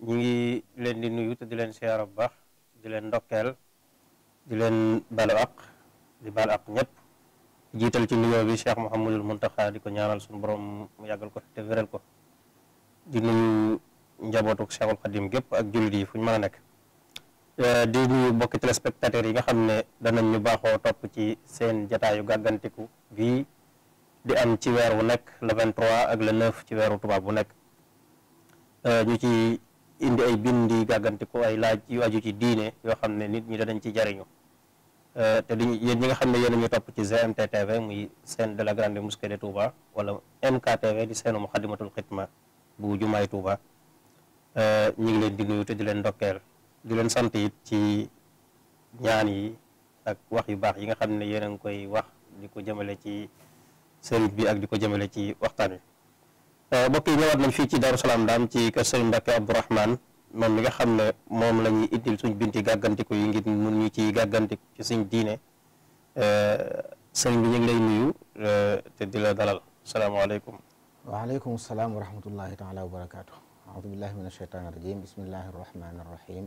ñi ngi leen di nuyu te di leen siyaara bu baax di leen ndokkeel di leen balu aq di balu aq ñëpp jiital ci nuyoo bi mu Cheikh mënta Muntaxa di ko ñaanal suñu borom mu yàggal ko fi te wéral ko di nuyu njabootu Cheikhul Xadim gépp ak jullit yi fu ñu mën a nekk eh, di nuyu mbokki téléspectateurs yi nga xam ne danañ ñu baaxoo topp ci seen jataayu gàggantiku gii di am ci weer wu nekk le 23 ak la 9 ci weeru tubaab bu nekk eh, indi ay bindi gàgganti ko ay laaj yu aju ci diine yoo xam ne nit ñi danañ ci jariñu euh, te duñu yéen ñi nga xam ne yéen ñu topp ci GMT TV muy chaîne de la grande mosquée de Touba wala MKTV di seenu Muxaddamatul Xidma bu jumaay Touba euh, ñu ngi leen di nuyu te di leen ndokkeel di leen sant it ci ñaan yi ak wax yu baax yi nga xam ne yéen a ngi koy wax di ko jëmale ci sëriñ bi ak di ko jëmale ci waxtaan wi Eh, mbokk yi ñëwaat nañ fii ci Darou Salaam daam ci ka kër Serigne Mbacke Abdourahmane moom mi nga xam ne moom la ñuy indil suñ binti gàggantiku yi ngir mun ñu ci gàggantiku ci suñ diine eh, sëriñ bi ñu ngi lay nuyu eh, te di la dalal salaamaaleykum waaleykum salaam wa rahmatullahi taala wa barakaatu aoudu billahi min asheytaan irrajim bismillahi arrahmani irrahim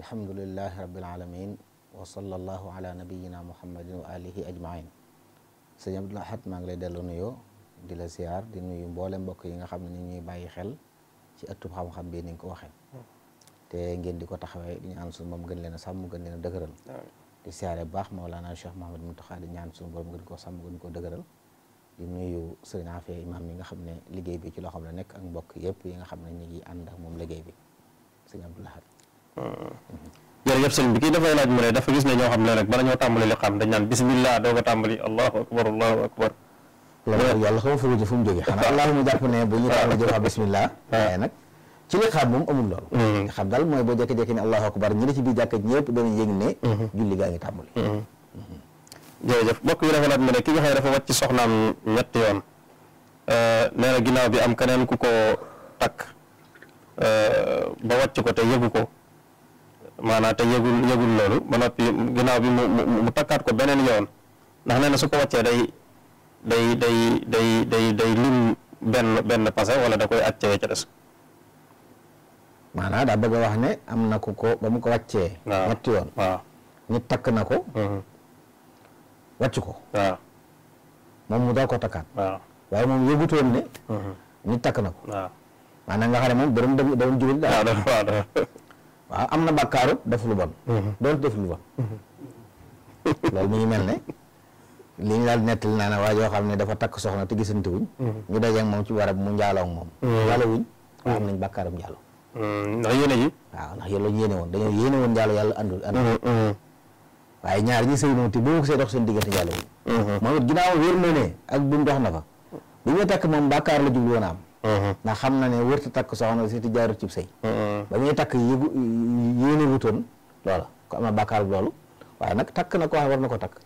alhamdulilahi rabbil alamin wa sallallahu ala nabiyina muhammadin wa alihi ajmain sëriñ Abdul Ahad maa ngi lay delloo nuyoo di la ziar di nuyu mboole mbokk yi nga xam ne ni ñuy bàyyi xel ci ëttub xam-xam bii ni nga ko waxee te ngeen di ko taxawee di ñaan suñu moom gën leen a sàmm gën leen a dëgëral di siyaare bu baax Mawlana Cheikh Mouhamed Mountakha di ñaan suñu borom gën koo sàmm gën koo dëgëral di nuyu sëriñ Afia imam yi nga xam ne liggéey bi ci loo xam ne nekk ak mbokk yëpp yi nga xam ne ñu hmm. dafa gis ne ñoo xam ne rek bala ñoo tàmbali li xam dañ naan bismillah doo ko tàmbali allahu akbar allahu akbar loolu yàlla xaw ma furuuj fu mu jógee xanaa laal mu jàpp ne bu ñu tàlla jëfa bismillah waaye nag ci li xaab moom amul loolu hmm. li xaab daal mooy boo jékki-jékki ne allahu akbar ñi ne ci biir jàkka ñëpp danañ yëg ne hmm. julli gaa hmm. mbokk yi dafa laaj ma ne ki nga xam ne dafa wàcc soxnaam ñetti yoon euh, nee na ginnaaw bi am keneen ku ko takk euh, ba wàcc ko te yëgu ko maanaa te yëgul yëgul loolu ba noppi ginnaaw bi mu mu takkaat ko beneen yoon ndax nee su ko wàccee day day day day day day lim benn benn passé wala da koy accee ca des maanaam daa bëgg wax ne am na ku ko ba mu ko wàccee ñetti yoon waaw takk na ko mm-hmm. wàcc ko moom mu door ko takkaat waaye moom yëgutoon ne mm-hmm. nit takk na ko waaw maanaam nga xam ne moom borom dem dem jubal daal waaw am na bàkkaaru def lu bon mm-hmm. doon def lu bon loolu mu ngi mel ne li ñu daal nettali naa ne waa joo xam ne dafa takk soxna te gisante wuñ mhm. ñu dajeeg moom ci barab mu njaaloo moom mhm. njaaloo wuñ waaw mhm. am nañ bàkkaaram njaaloo ndax yéene ji waaw ndax yàlla yéene woon dañoo yéene woon njaaloo yàlla andul andul waaye ñaar ñi sëy moom te boo ko see dox seen diggante njaaloo wuñ moom ginnaaw wér na ne ak buñ dox na fa bi muy takk moom bàkkaar la jublu woon am ndax xam na ne wërta takk soxna si ti jaarut cib sëy ba muy takk yéene wutoon loola ko ama bàkkaar loolu waaye nag takk na ko xam war na ko takk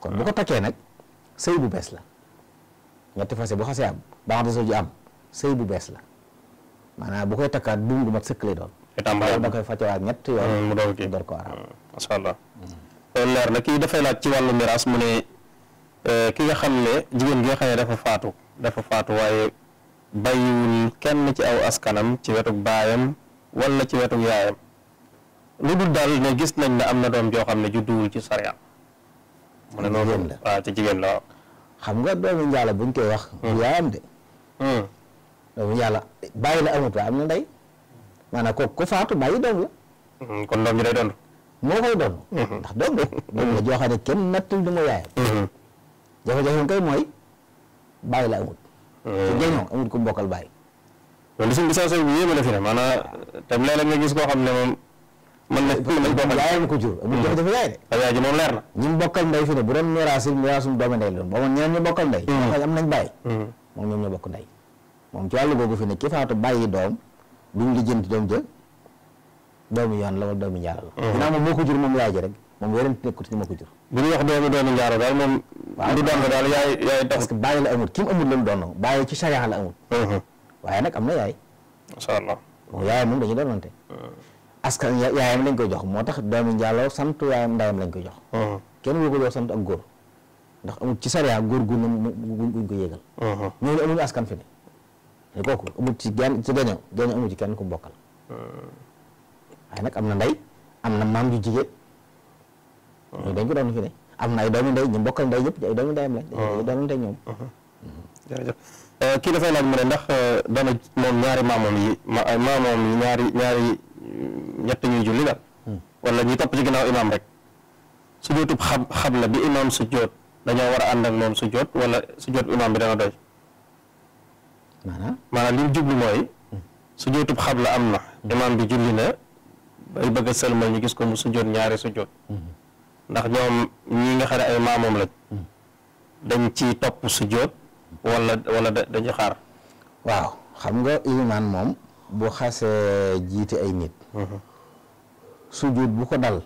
kon bu ko takkee nag sëy bu bees la ñetti fase bu xasee am baax na soo ji am sëy bu bees la maanaam bu koy takkaat buum gu mat sëkk lay doon. itam da koy ñett mm, mu doon kii door ko araam. Mm, macha eh, leer na kii dafay laaj ci wàllu miraas mu ne eh, ki nga xam ne jigéen gi nga dafa faatu dafa faatu waaye bàyyiwul kenn ci aw askanam ci wetu baayam wala ci wetu yaayam lu dul daal ne gis nañ ne am na doom joo xam ne judduwul ci sariya. mu ne loolu waaw ci jigéen la xam nga doomu njaala buñ koy wax bu hmm. yaayam de hmm. doomu njaala bàyyi la amut waaye am na ndey maanaam kooku ku faatu bàyyi doom la hmm, kon doom ji day doon moo koy doon ndax doom la doom la joo xam ne kenn nattul du ma yaayam jafe-jafe kay mooy bàyyi la amut ci jañoo amut ku mbokkal bàyyi loolu di suñ bi saa sooy bu yéeme la fi ne maanaam tam léeg-léeg gis koo xam ne moom man la man yaay moom na ñi mu bokkal ndey fi ne bu la doon boo moon a am nañ bàyyi mm. moom ñoom ñoo bokk la wala doomu njaaro la mm-hmm. ko yaay ji ko bàyyi la amul ki mu amul la mu doon bàyyi ci charia la amul mm-hmm. waaye nag am na yaay macha allah moom yaay moom dañuy doonante mm. askan yaayam lañ ko jox moo tax doomi njaaloo sant yaayam ndayam lañ ko jox uh-huh. kenn woo ko jox sant ak góor ndax amul ci sariya góor gu buñ ko yéegal uh-huh. ñooñu ci genn ci gaño gaño amul ci kenn ku bokkal uh-huh. waaye nag am na ndey am na maam ju jigéen ñooñu dañ ko doon fi ne am na ay doomi ndey ñu bokkal ndey yëpp ay doomi ndeyam lañ mm-hmm. euh, dañu euh, moom ñaari maamoom yi maamoom ñaari ñaari ñett ñuy julli daal hmm. wala ñuy topp ci ginnaaw imaam rek sujjóotub xam xam la bi imaam sujjóot dañoo war a ànd ak moom sujjóot wala sujjóot imaam bi dana doy maanaam maanaam li mu jublu mooy hmm. sujjóotub xam la am na hmm. imaam bi julli na bay bëgg a sëlmal ñu gis ko mu sujjóot ñaari sujjóot ndax ñoom ñi nga xam ne ay maamoom lañ dañ ci topp sujjóot wala wala dañu xaar waaw xam nga imaam moom bu xasee jiite ay nit sujud bu ko dal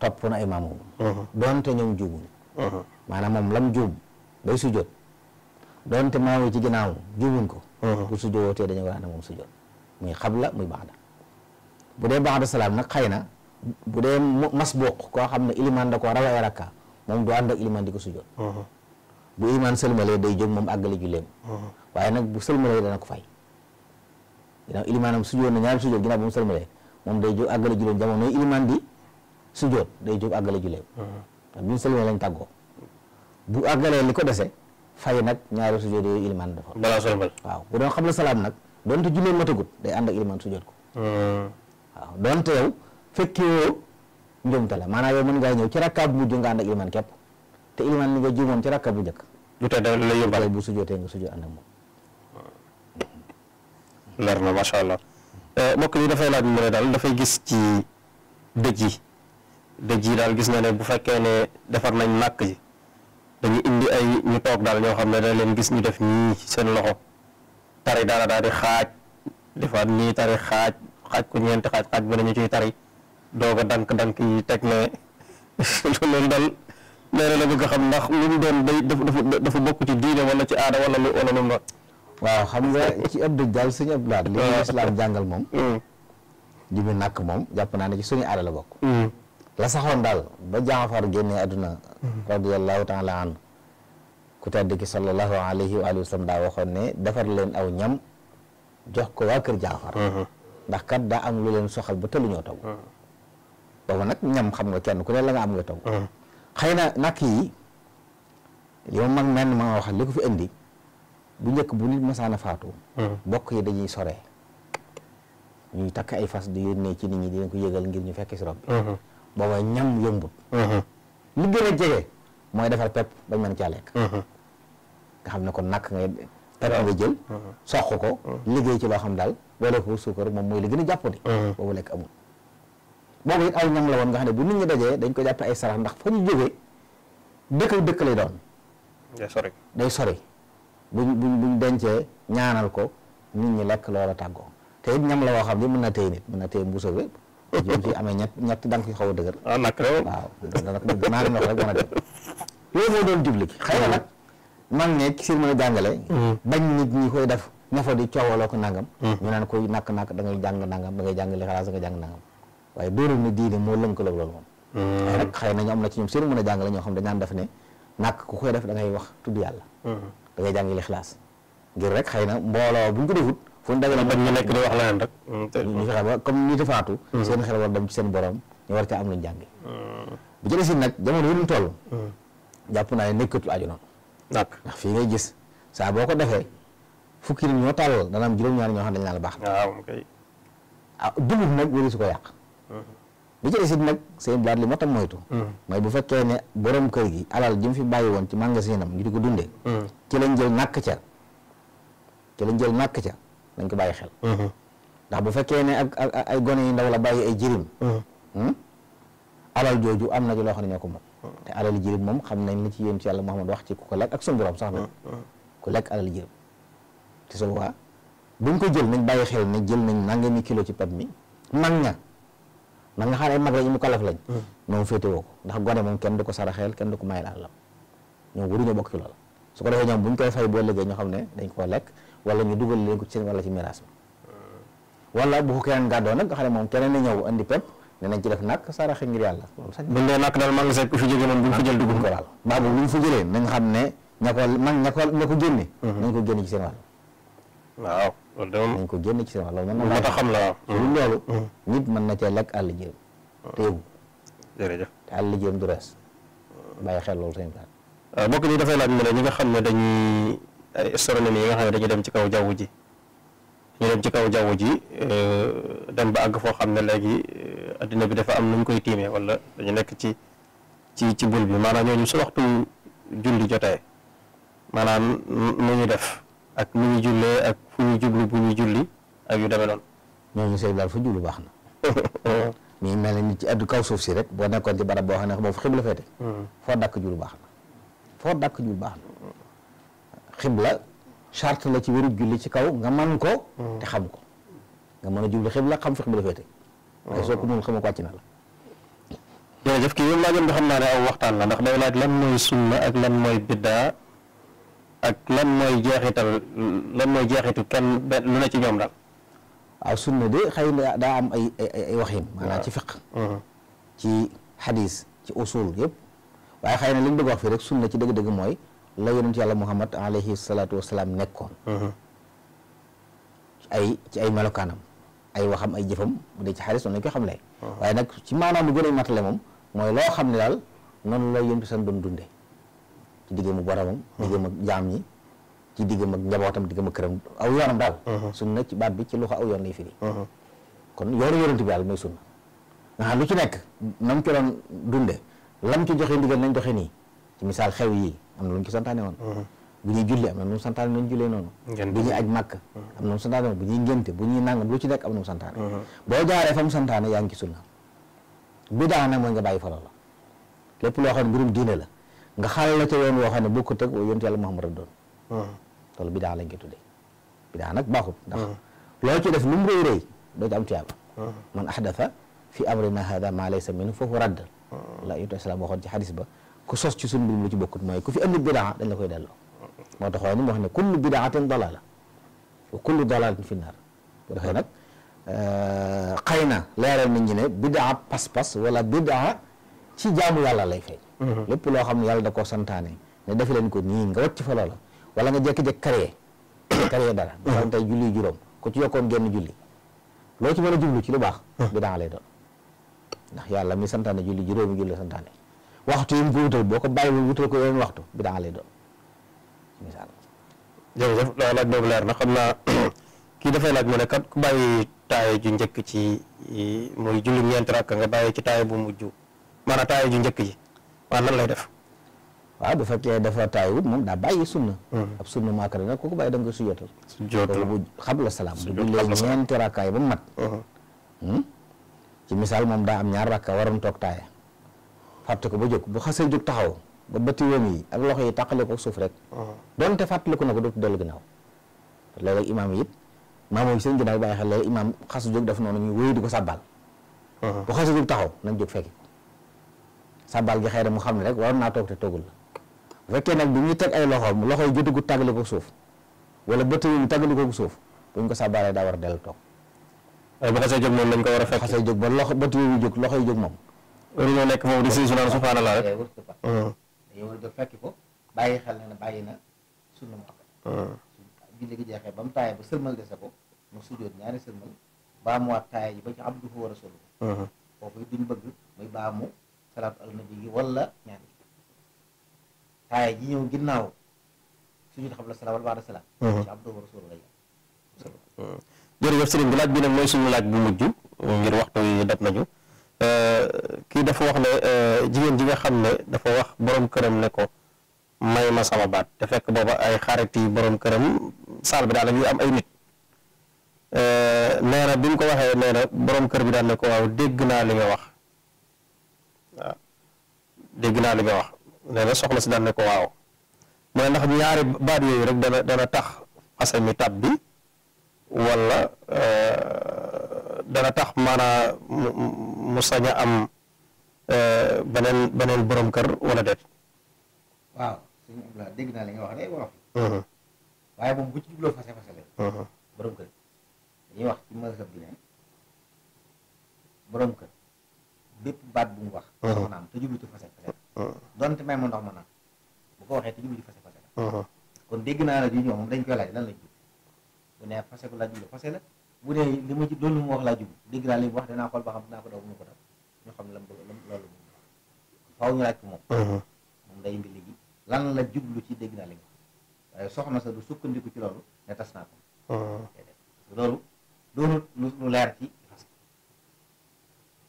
topp na imaam boobu uh-huh. doonte ñoom juubuñu uh-huh. maanaam moom lam juub day sujud doonte maamu ci ginnaaw juubuñ ko uh-huh. bu sujootee dañu war a ne moom sujud muy xabla muy baada bu dee baada salaam nag xëy na bu dee masbuq koo xam ne iliman da koo raw ay rakka moom du ànd ak iliman di ko sujjoot bu iliman sëlmalee day jóg moom àggale julleem waaye nag bu sëlmalee dana ko fay ginnaaw ilimanam sujjoot na ñaari sujjoot ginnaaw bu mu sëlmalee moom day jóg àggale juleem jamono iliman bi su day jóg àggale juleem hmm. ndax bi ñu sëlmee lañ tàggoo bu àggalee li ko dese fay nag ñaari su jóot yooyu waaw bu doon xam la salaam nag donte juleem matagut day ànd ak iliman ko hmm. waaw donte yow fekkee mën ngaa ñëw ci rakkaab bu mujj nga ànd ak iliman képp te ci rakkaab bu njëkk lu tax da lay yóbbaale bu su jootee hmm. na macha allah Eh, mbokk mi dafay laaj mu ne daal dafay gis ci dëj yi dëj yi daal gis na ne bu fekkee ne defar nañ nakk yi dañu indi ay ñu toog daal ñoo xam ne da leen gis ñu def nii seen loxo tari dara daal di xaaj defaat nii tari xaaj xaaj ko ñeenti xaaj xaaj ba nañu ciy tari doog dank-dank yi teg ne loolu daal nee na la bëgg a xam ndax lu mu doon day dafa dafa bokk ci diine wala ci aada wala lu wala lu mu waaw xam nga ci ab dëj daal sëñ Abdou Lahad li ñu islaam jàngal moom jumi mm. nàkk moom jàpp naa ne ci suñu aada la bokk mm. la saxoon daal ba Jaafar génnee àdduna mm. radiyallahu taala an ku tedd ki sallallahu alayhi wa sallam daa waxoon ne defar leen aw ñam jox ko waa kër Jaafar mm-hmm. ndax kat daa am lu leen soxal ba tëluñoo taw boobu nag ñam xam nga kenn ku ne la nga am nga taw xëy na nàkk yi li ma mag mel ma wax li fi indi bu njëkk bu nit masaana faatu hmm. bokk yi dañuy sore ñuy takk ay fas di yónnee ci nit ñi dinañ ko yëgal ngir ñu fekk si rob hmm. booba ñam yombut hmm. li gën jege mooy defar pepp bañ mën caa lekk nga xam ne kon nakk ngay pepp nga jël soq ko liggéey ci loo xam daal boole ko suukar moom mooy li gën a jàppandi boobu lekk amul boobu it aw ñam la woon nga xam ne bu nit ñi dajee dañ ko jàppe ay sarax ndax fa ñu jógee dëkk dëkk lay doon day sori day sori buñ buñ buñ dencee ñaanal ko nit ñi lekk loola tàggoo te it ñam la woo xam ne mën na téye nit mën na téye mbuusa bi jëm ci amee ñett ñett da nga koy xaw a dëgër ah, waaw naa leen wax rek a dem loolu moo doon jubli na nag man ne ci sir mën a jàngale hmm. bañ nit ñi koy def ñafa di coowaloo ko nangam hmm. ñu naan koy nakk-nakk da ngay jàng nangam da ngay jàng li xalaas da nga jàng nangam waaye dóorul ne diine moo lënkaloog loolu moom waaye hmm. nag xëy na am na ci ñoom mu mën a jàngale ñoo xam dañ naan def ne nàkk ku koy def da ngay wax tudd yàlla da ngay jàng lixlaas ngir rek xëy na mbooloo bu ñu ko defut fu ñu dajale bañ ñu nekk di wax leneen rek mm, ñu fexe ba comme ñi defaatu mm. seen xel war dem ci seen borom ñu war caa am luñ jànge mm. bu ci desit nag jamono yi ñu jàpp naa ne nekkatul aju noonu ndax fi ngay gis saa boo ko defee fukki nit ñoo tàll dana am juróom-ñaar ñoo xam dañ naan baax na waaw kay ah dugub nag wéri su ko yàq li ci desit nag seen blaat li ma tam moytu hmm. mooy bu fekkee ne borom kër gi alal ji mu fi bàyyi woon ci magasinam ngi di ko dundee hmm. ci lañ jël nàkk ca ci lañ jël nàkk ca dañ ko bàyyi xel hmm. ndax bu fekkee ne ak ay gone yi ndaw la bàyyi ay jirim alal jooju am na ci loo xam ne ñoo ko moom te alal jirim moom xam nañ li ci yéen ci yàlla Muhammad wax ci ku ko lekk ak suñu borom sax na ku lekk alal jirim te su boobaa buñ ko jël nañ bàyyi xel ne jël nañ nangami kilo ci pap mi mag nga man nga xam ne ay mag lañ mu kalaf lañ moom mm. féetewoo ko ndax gone moom kenn du ko saraxeel kenn du ko mayel àllam ñoom waruñoo bokk ci loolu su ko defee ñoom bu ñu koy boo liggéey xam ne dañ ko lekk wala ñu dugal leen ko ci seen wala ci miraas bi mm. wala bu ko keneen gàddoo nag nga xam ne moom na ñëw andi pepp ne nañ ci def nag saraxe ngir yàlla buñ dee nag daal ku fi ko daal baa boobu buñ fa jëlee nañ ko mag ko ña mm-hmm. nañ ko génne ci seen wàll waaw loolu de moom ko génn ci seen wax loolu mën na. moo tax xam la lu loolu. nit mën na cee lekk àll jéem. téegu jërëjëf te àll jéem du rees bàyyi xel loolu seen taal. Euh, mbokk ñi dafay laaj mu ne ñi nga xam ne dañuy ay astronomie yi nga xam ne dañuy dem ci kaw jaww ji. ñu dem ci kaw jaww ji euh, dem ba àgg foo xam ne léegi euh, addina bi dafa am nu ñu koy tiimee walla dañu nekk ci ci ci bul bi maanaam ñooñu su waxtu julli jotee maanaam nu ñu def. ak nu ñu jullee ak fu ñu jublu bu ñu julli ak yu demee noonu. ñooñu sëñ bi daal fu jublu baax na. mu mais mel ni ni ci addu kaw suuf si rek boo nekkoon ci barab boo xam ne moom xibla féete. Hmm. foo dàkk jublu baax foo dàkk jublu baax na. xibla charte la ci wéru julli ci kaw nga man ko. Hmm. te xam ko nga mën a jublu xibla xam fi xibla féete. Hmm. soo ko noonu xamoo wàcc na la. jërëjëf kii yow laajoon bi xam naa ne aw waxtaan la ndax day laaj lan mooy sunna ak lan mooy biddaa. ak lan mooy jeexital lan mooy jeexitu kenn lu ne ci ñoom daal. waaw sunna de xëy na daa am ay ay waxin. maanaam ci fiq mm-hmm. ci xadiis ci usul yëpp. waaye xay na li ñu bëgg wax fii rek sunna ci dëgg-dëgg mooy la yonent yàlla Muhammad alayhi salaatu wasalaam nekkoon. Mm-hmm. ci ay ci ay melokaanam. ay waxam ay jëfam bu dee ci xadis noonu lañ koy xamle. Mm-hmm. waaye nag ci maanaam lu gën a matale moom mooy loo xam ne daal noonu la yonent bi sax doon dundee. ci diggam ak boromam. diggam ak jaam ñi ci diggam ak njabootam diggam ak këram aw yoonam daal. Uh-huh. sunna ci baat bi ci loxo aw yoon lay firi. Uh-huh. kon yoonu yonent yàlla mooy sunna. nga lu ci nekk nam ci doon dunde ci joxe ndigal nañ joxe nii ci misaal xew yi am na lu ñu santaane woon. Uh-huh. bu ñuy julli am na nu santaane nañ jullee noonu bu na nu santaane noonu bu ñuy ngénte bu ñuy nangam lu ci nekk am na nu santaane boo jaaree fa mu santaane yaa ngi ci sunna bi daa nag mooy nga bàyyi fa loola lépp loo xam ne mbirum diine la nga xaaral la ca yoon woo xam ne bokkut ak yonent yàlla Muhammad doon hmm. loolu bidaa lañ koy tuddee bidaa nag baaxut ndax hmm. loo ci def lu mu rëy rëy doo ci am tuyaaba hmm. man ahdatha fi amrina hada ma laysa minhu foofu radd la yonent islam waxoon ci xadis ba ku sos ci suñu mbir lu ci bokkut mooy ku fi andi bidaa dañ la koy delloo moo taxoon mu wax ne kullu bidaatin dalala wa kullu dalalatin fi naar bu defee nag euh, xëy na leeral nañ ñi ne bidaa pas-pas wala bidaa ci jaamu yàlla lay feeñ Mm-hmm. lépp loo xam ne yàlla da koo santaane ne def leen ko nii nga wàcc fa loola wala nga jékki-jékki créé créé dara misaal mm-hmm. tey julli juróom julli loo ci a jublu ci lu baax mm-hmm. bi daa lay doon ndax yàlla mi santaane julli juróomi julli santaane waxtu yi mu ko wutal boo ko bàyyi mu wutal ko yeneen waxtu bi daa lay doon misaal jërëjëf daa laaj boobu na xam naa kii dafay laaj mu ne kat ku bàyyi taaye ju njëkk ci muy julli ñeenti rakk nga bàyyi ci taaye bu mujj maanaam taaye ju njëkk ji waaw lan lay def. waaw bu fekkee dafa taayiwut moom daa bàyyi sunna. Hmm. ab sunna maakare nag ku ko bàyyi da nga koy sujootal. sujootal bu xabla salaam. bu jullee te rakkaay ba mu mat. Hmm. Hmm? ci misaal moom daa am ñaar rakka waroon toog taaya. fàtte ko ba jóg bu xasee jóg taxaw ba bëti wëm ak loxo yi tàqale ko suuf rek. donte fàttaliku na ko dootu dellu ginnaaw. léeg-léeg imaam yi it maam yi seen ginnaaw bàyyi xel léeg imaam xasu jóg def noonu ñu wéy di ko sàbbaal. bu xasee jóg taxaw nañ jóg fekki. sabal gi xëy na mu xam ne rek waroon naa toog te toogul bu fekkee nag bi ñuy teg ay loxoom loxo yi jotagu tàggale ko suuf wala bët yi tàggale ko suuf bu ñu ko sabalee daa war a dellu toog. bu xasee jóg moom dañ ko war a fekk. xasee jóg ba loxo bët yooyu jóg loxo yi jóg nekk moom di su naan subhanallah rek. dañoo war a jóg fekki ko bàyyi xel na bàyyi na sunna mu hmm. julli gi jeexee ba mu taayee ba sëlmal dese ko mu sujjóot ñaari sëlmal baamuwaat taayee ji ba ci abduhu wa rasuluhu hmm. foofu duñ bëgg muy baamu salaatu alnabi gi wala ginnaaw suñu xabla salaam wala baada mm-hmm. mm-hmm. bi laaj bi nag mooy suñu laaj bu mujj mm-hmm. ngir waxtu yi dab nañu euh, kii dafa wax ne euh, jigéen ji nga xam ne dafa wax borom këram ne ko may ma sama baat te fekk booba ay xarit yi borom këram saal bi daal dañuy am ay nit euh, nee bi mu ko waxee nee na borom kër bi daal ne ko waaw dégg naa li nga wax dégg naa li nga wax nee na si daan ne ko waaw mu ne ndax ñaari baat yooyu rek dana dana tax xase mi tab bi wala euh, dana tax maanaa mu sañ a am euh, beneen beneen boroom kër wala déet waaw sëñ Abdoulaye dégg naa li nga wax day wolof mm-hmm. waaye mm-hmm. kër dañuy wax ci mazhab bi ne borom kër bépp baat bu mu wax soxnaam te jublu ci fase fase la kon dégg naa la ju ñoom moom dañ koy laaj lan la jub bu nee fase ko laa jublu fase la bu nee li ma ci doon mu wax laa jublu dégg naa li mu wax danaa xool ba xam dinaa ko daw bu ma ko daw ñu xam lam loolu moom la jublu ci dégg naa li nga wax waaye soxna sa sukkandiku ci loolu ne tas naa ko lu leer ci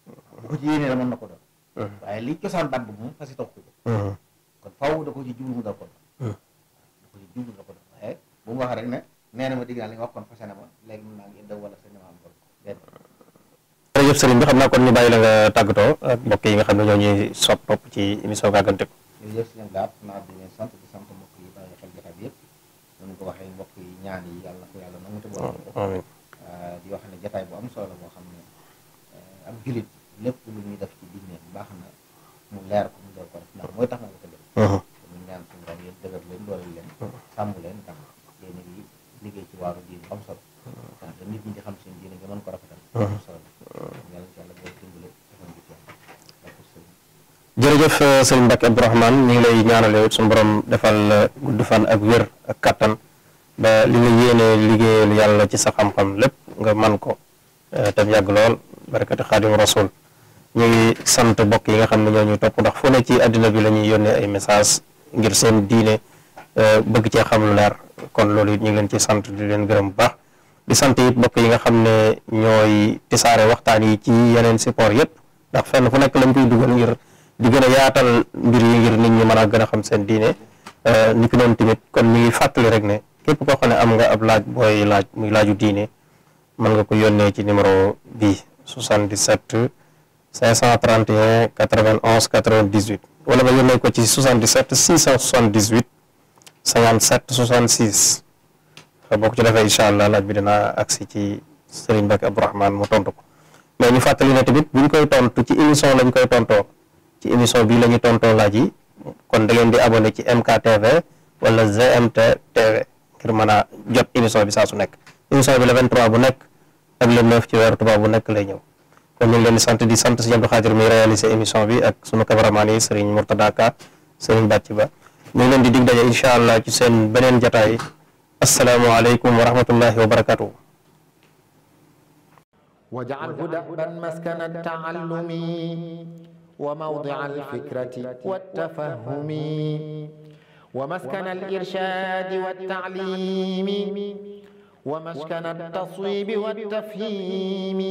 bu ko ci yéenee la mën na ko doon uh-huh. waaye li cosaan baat bu moom fasi tax ko uh-huh. da ko ci jublu mu dal ko doon uh-huh. da ko da ko doon waaye bu mu wax rek ne nee na ma digg naa li nga wax kon fasane ma léegi mun naa ngi daw wala sa ñamaam ko benn jërëjëf bàyyi la nga tàggatoo ak mbokk yi nga xam ne ñoo ñuy sopp topp ci émission Gagganti ko jërëjëf euh, sëñ Mbacke Abdourahmane ñu ngi lay ñaanale yow suñu borom defal gudd fan ak wér ak kattan ba li nga yéene liggéeyal yàlla ci sa xam-xam lépp nga man ko euh, tam yàgg lool barakati xaadim rasul ñu ngi sant mbokk yi nga xam ne ñoo ñu topp ndax fu ne ci àddina bi la yónnee ay message ngir seen diine euh, bëgg cee xam lu kon loolu it ñu ngi leen ci sant di leen gërëm bu baax di sant it mbokk yi nga xam ne ñooy tisaare waxtaan yi ci yeneen support yëpp ndax fenn fu nekk lañ koy dugal ngir di gën a yaatal mbir yi ngir nit ñi mën a gën a xam seen diine euh, ni ki noonu tamit kon mi ngi fàttali rek ne képp koo xam ne am nga ab laaj booy laaj muy laaju diine mën nga ko yónnee ci numéro bii 77 531 91 98 wala nga yónnee ko ci 77 678 57 66 boo ko ci defee incha allah laaj bi dina agsi ci Serigne Mbacke Abdourahmane mu tontu ko mais ñu fàttali ne tamit buñ koy tontu ci émission lañ koy tontoo. ci émission bii la ñu tontoo laaj yi kon da ngeen di abonné ci MKTV wala GMT TV ngir mën a jot émission bi saa su nekk émission bi le 23 bu nekk ak le 9 ci weeru tubaab bu nekk lay ñëw kon ñu leen di sant di sant Serigne Abdou Khadir mi réalisé émission bi ak sunu cameraman yi Serigne Mourtada Ka Serigne Ba ñu ngi leen di dig daje allah ci seen beneen jataay asalaamualeykum wa rahmatullahi wa barakatuh وموضع الفكرة والتفهم ومسكن الإرشاد والتعليم ومسكن التصويب والتفهيم